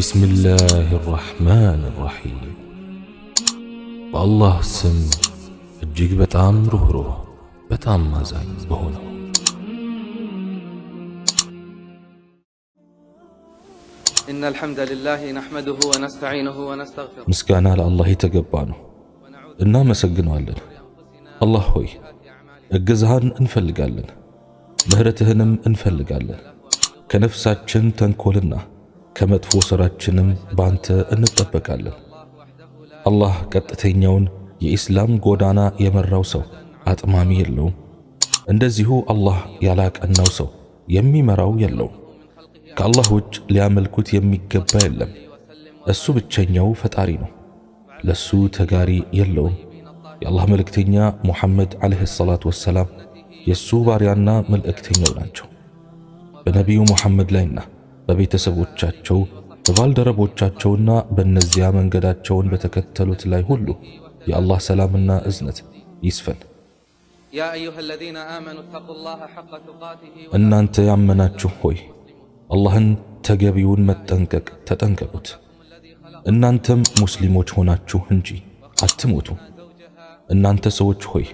بسم الله الرحمن الرحيم الله سم الجيك بتام روح روح بتام مازاي بهونه ان الحمد لله نحمده ونستعينه ونستغفره مسكانا على لله تقبانه انا مسجن لنا الله هوي اجزهان انفلقالن مهرتهنم انفلقالن كنفسات شن تنكولنه ከመጥፎ ሥራችንም ባንተ እንጠበቃለን። አላህ ቀጥተኛውን የኢስላም ጎዳና የመራው ሰው አጥማሚ የለውም። እንደዚሁ አላህ ያላቀናው ሰው የሚመራው የለውም። ከአላህ ውጭ ሊያመልኩት የሚገባ የለም። እሱ ብቸኛው ፈጣሪ ነው። ለሱ ተጋሪ የለውም። የአላህ መልእክተኛ ሙሐመድ ዓለይሂ ሰላቱ ወሰላም የሱ ባሪያና መልእክተኛው ናቸው። በነቢዩ ሙሐመድ ላይና በቤተሰቦቻቸው በባልደረቦቻቸውና በእነዚያ መንገዳቸውን በተከተሉት ላይ ሁሉ የአላህ ሰላምና እዝነት ይስፈን። እናንተ ያመናችሁ ሆይ አላህን ተገቢውን መጠንቀቅ ተጠንቀቁት። እናንተም ሙስሊሞች ሆናችሁ እንጂ አትሞቱ። እናንተ ሰዎች ሆይ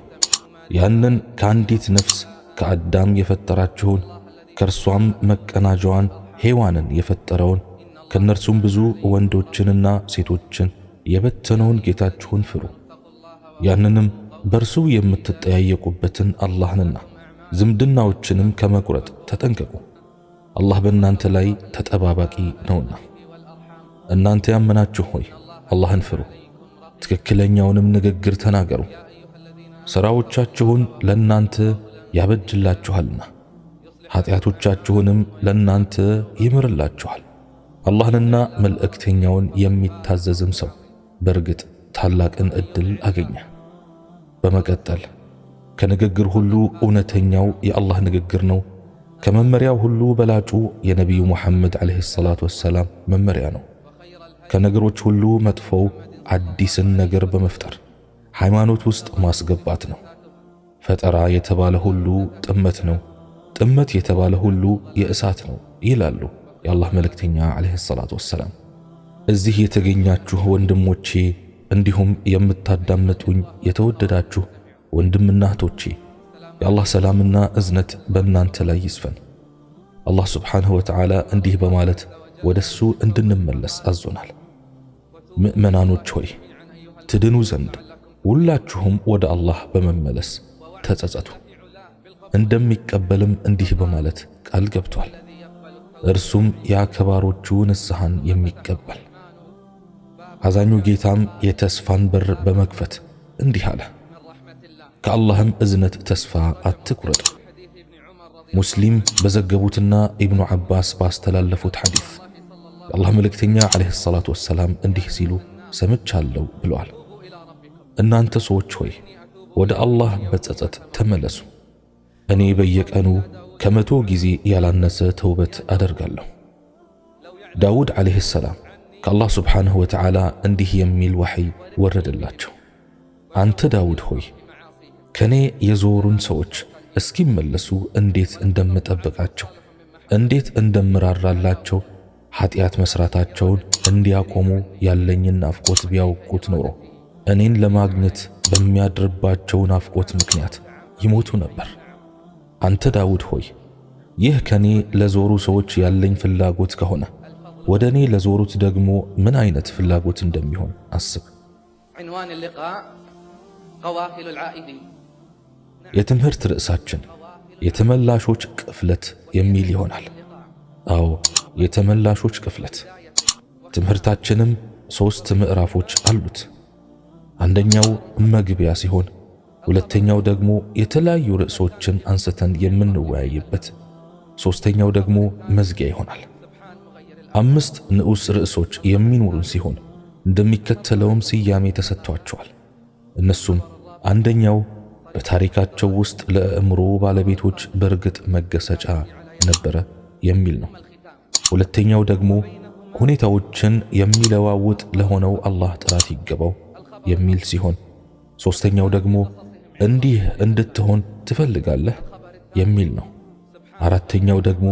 ያንን ከአንዲት ነፍስ ከአዳም የፈጠራችሁን ከእርሷም መቀናጃዋን ሔዋንን የፈጠረውን ከእነርሱም ብዙ ወንዶችንና ሴቶችን የበተነውን ጌታችሁን ፍሩ። ያንንም በእርሱ የምትጠያየቁበትን አላህንና ዝምድናዎችንም ከመቁረጥ ተጠንቀቁ። አላህ በእናንተ ላይ ተጠባባቂ ነውና። እናንተ ያመናችሁ ሆይ አላህን ፍሩ፣ ትክክለኛውንም ንግግር ተናገሩ፣ ሥራዎቻችሁን ለእናንተ ያበጅላችኋልና። ኃጢአቶቻችሁንም ለእናንተ ይምርላችኋል። አላህንና መልእክተኛውን የሚታዘዝም ሰው በእርግጥ ታላቅን ዕድል አገኘ። በመቀጠል ከንግግር ሁሉ እውነተኛው የአላህ ንግግር ነው። ከመመሪያው ሁሉ በላጩ የነቢዩ ሙሐመድ ዓለይሂ ሰላቱ ወሰላም መመሪያ ነው። ከነገሮች ሁሉ መጥፎው አዲስን ነገር በመፍጠር ሃይማኖት ውስጥ ማስገባት ነው። ፈጠራ የተባለ ሁሉ ጥመት ነው። ጥመት የተባለ ሁሉ የእሳት ነው ይላሉ የአላህ መልእክተኛ ዓለይሂ ሰላቱ ወሰላም። እዚህ የተገኛችሁ ወንድሞቼ እንዲሁም የምታዳምጡኝ የተወደዳችሁ ወንድምና እህቶቼ የአላህ ሰላምና እዝነት በእናንተ ላይ ይስፈን። አላህ ስብሓንሁ ወተዓላ እንዲህ በማለት ወደ እሱ እንድንመለስ አዞናል። ምእመናኖች ሆይ ትድኑ ዘንድ ሁላችሁም ወደ አላህ በመመለስ ተጸጸቱ። እንደሚቀበልም እንዲህ በማለት ቃል ገብቷል። እርሱም የአከባሮቹ ንስሐን የሚቀበል አዛኙ ጌታም የተስፋን በር በመክፈት እንዲህ አለ፣ ከአላህም እዝነት ተስፋ አትቁረጡ። ሙስሊም በዘገቡትና ኢብኑ ዓባስ ባስተላለፉት ሐዲስ የአላህ መልእክተኛ ዓለይሂ ሰላቱ ወሰላም እንዲህ ሲሉ ሰምቻለሁ ብለዋል። እናንተ ሰዎች ሆይ ወደ አላህ በጸጸት ተመለሱ እኔ በየቀኑ ከመቶ ጊዜ ያላነሰ ተውበት አደርጋለሁ። ዳውድ ዓለይህ ሰላም ከአላህ ስብሓንሁ ወተዓላ እንዲህ የሚል ዋሕይ ወረደላቸው። አንተ ዳውድ ሆይ ከኔ የዞሩን ሰዎች እስኪመለሱ እንዴት እንደምጠብቃቸው፣ እንዴት እንደምራራላቸው፣ ኃጢአት መሥራታቸውን እንዲያቆሙ ያለኝን ናፍቆት ቢያውቁት ኖሮ እኔን ለማግኘት በሚያድርባቸው ናፍቆት ምክንያት ይሞቱ ነበር። አንተ ዳውድ ሆይ ይህ ከኔ ለዞሩ ሰዎች ያለኝ ፍላጎት ከሆነ ወደ እኔ ለዞሩት ደግሞ ምን አይነት ፍላጎት እንደሚሆን አስብ። የትምህርት ርዕሳችን የተመላሾች ቅፍለት የሚል ይሆናል። አዎ የተመላሾች ቅፍለት። ትምህርታችንም ሦስት ምዕራፎች አሉት። አንደኛው መግቢያ ሲሆን ሁለተኛው ደግሞ የተለያዩ ርዕሶችን አንስተን የምንወያይበት፣ ሦስተኛው ደግሞ መዝጊያ ይሆናል። አምስት ንዑስ ርዕሶች የሚኖሩን ሲሆን እንደሚከተለውም ስያሜ ተሰጥቷቸዋል። እነሱም አንደኛው በታሪካቸው ውስጥ ለአእምሮ ባለቤቶች በእርግጥ መገሰጫ ነበረ የሚል ነው። ሁለተኛው ደግሞ ሁኔታዎችን የሚለዋውጥ ለሆነው አላህ ጥራት ይገባው የሚል ሲሆን ሦስተኛው ደግሞ እንዲህ እንድትሆን ትፈልጋለህ የሚል ነው። አራተኛው ደግሞ